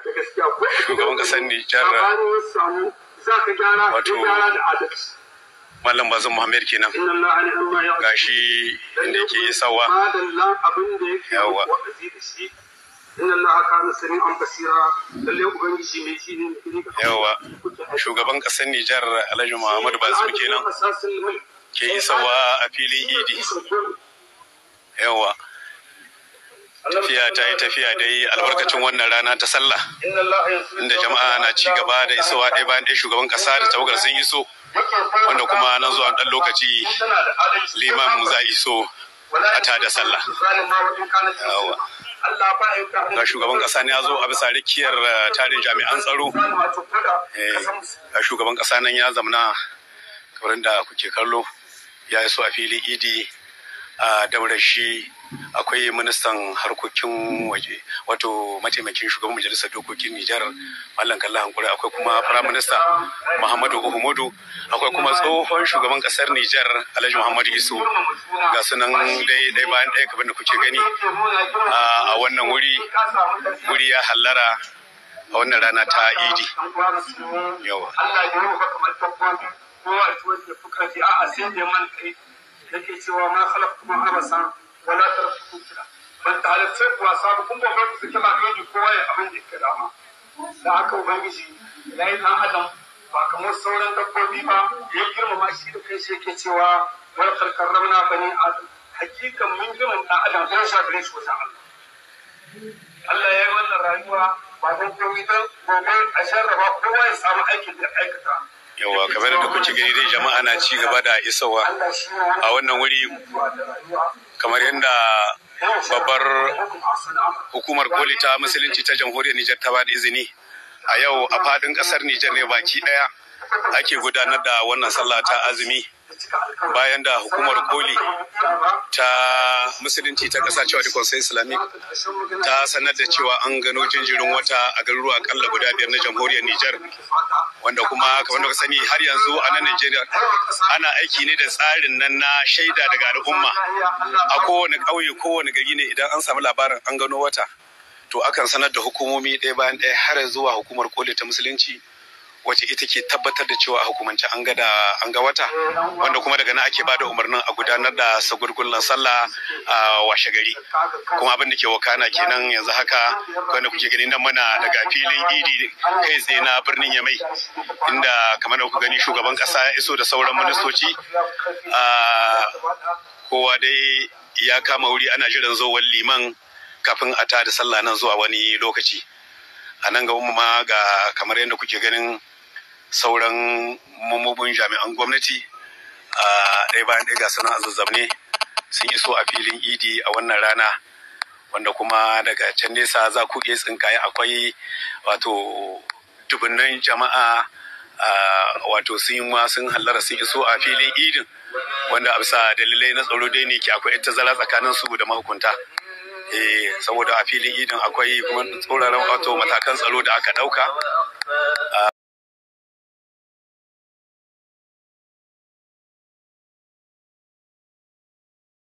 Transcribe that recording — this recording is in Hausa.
shugaban kasar Nijar wato mallam Bazin Muhammed kenan gashi inda yake yi sawa yawa yawa shugaban kasar Nijar Alhaji Muhammad Bazin kenan ke yi sawa a filin Idi yawa tafiya ta yi tafiya dai albarkacin wannan rana ta sallah inda jama'a na ci gaba da isowa ɗaya bayan ɗaya shugaban ƙasa da tawagar sun yi so wanda kuma na zuwa ɗan lokaci liman za iso a ta da sallah ga shugaban ƙasa ne ya zo a bisa rikiyar eh, tarin jami'an tsaro eh, ga shugaban ƙasa nan ya zamana kamar da kuke kallo ya iso a fili idi a daura shi akwai ministan harkokin waje wato mataimakin shugaban majalisar dokokin nijar mallam kalla hankuri akwai kuma prime minister muhammadu uhumudu akwai kuma tsohon shugaban kasar nijar alhaji muhammadu isu ga sunan dai dai bayan ɗaya kaban da kuke gani a wannan wuri wuri ya hallara a wannan rana ta idi yawa yake cewa ma khalaqtum abasan wala taraktukum kira ban ta halitta ku wasa ba kun ba ku kike ma kai kowa ya abin da ke dama da haka ubangiji yayi dan adam ba kamar sauran dabbobi ba ya girmama shi da kai shi yake cewa wal karramna bani adam hakikan mun girmama dan adam sai sha gare shi wajen Allah Allah ya yi wannan rayuwa ba don komai don gobe a sharraba kowa ya samu aikin da aikata yawa kamar da kuke gani dai jama'a na ci gaba da isowa a wannan wuri kamar yadda babbar hukumar koli ta musulunci ta jamhuriyar Nijar ta ba da izini a yau a fadin kasar Nijar ne baki daya ake gudanar da wannan sallah ta azumi bayan da hukumar koli ta musulunci ta kasa cewa da conseil islamic ta sanar da cewa an gano jinjirin wata a garuruwa Kalla guda biyar na jamhuriyar niger wanda kuma kamar da sani har yanzu a nan nigeria ana aiki ne da tsarin nan na shaida daga al'umma a kowane ƙauye kowane gari ne idan an samu labarin an gano wata to akan sanar da hukumomi ɗaya bayan ɗaya har zuwa hukumar koli ta musulunci wace ita ke tabbatar da cewa a hukumance an ga an ga wata wanda kuma daga nan ake bada umarnin a gudanar da sagurgullan sallah a washe gari kuma abin da ke wakana kenan yanzu haka wanda kuke gani nan mana daga filin idi kai tsaye na birnin yamai inda kamar da ku gani shugaban kasa ya iso da sauran ministoci kowa dai ya kama wuri ana jiran zuwan liman kafin a tada sallah nan zuwa wani lokaci a nan ga ma ga kamar yadda kuke ganin sauran mamobin jami'an gwamnati a ɗaya bayan ɗaya ga sana zazzabne sun iso a filin idi a wannan rana wanda kuma daga can nesa za ku iya tsinkaye akwai wato dubunnan jama'a wato sun yi ma sun hallara sun iso a filin idin wanda a bisa dalilai na tsaro dai ne ke akwai ita zara tsakanin su da mahukunta e saboda a filin idin akwai kuma tsoron wato matakan tsaro da aka ɗauka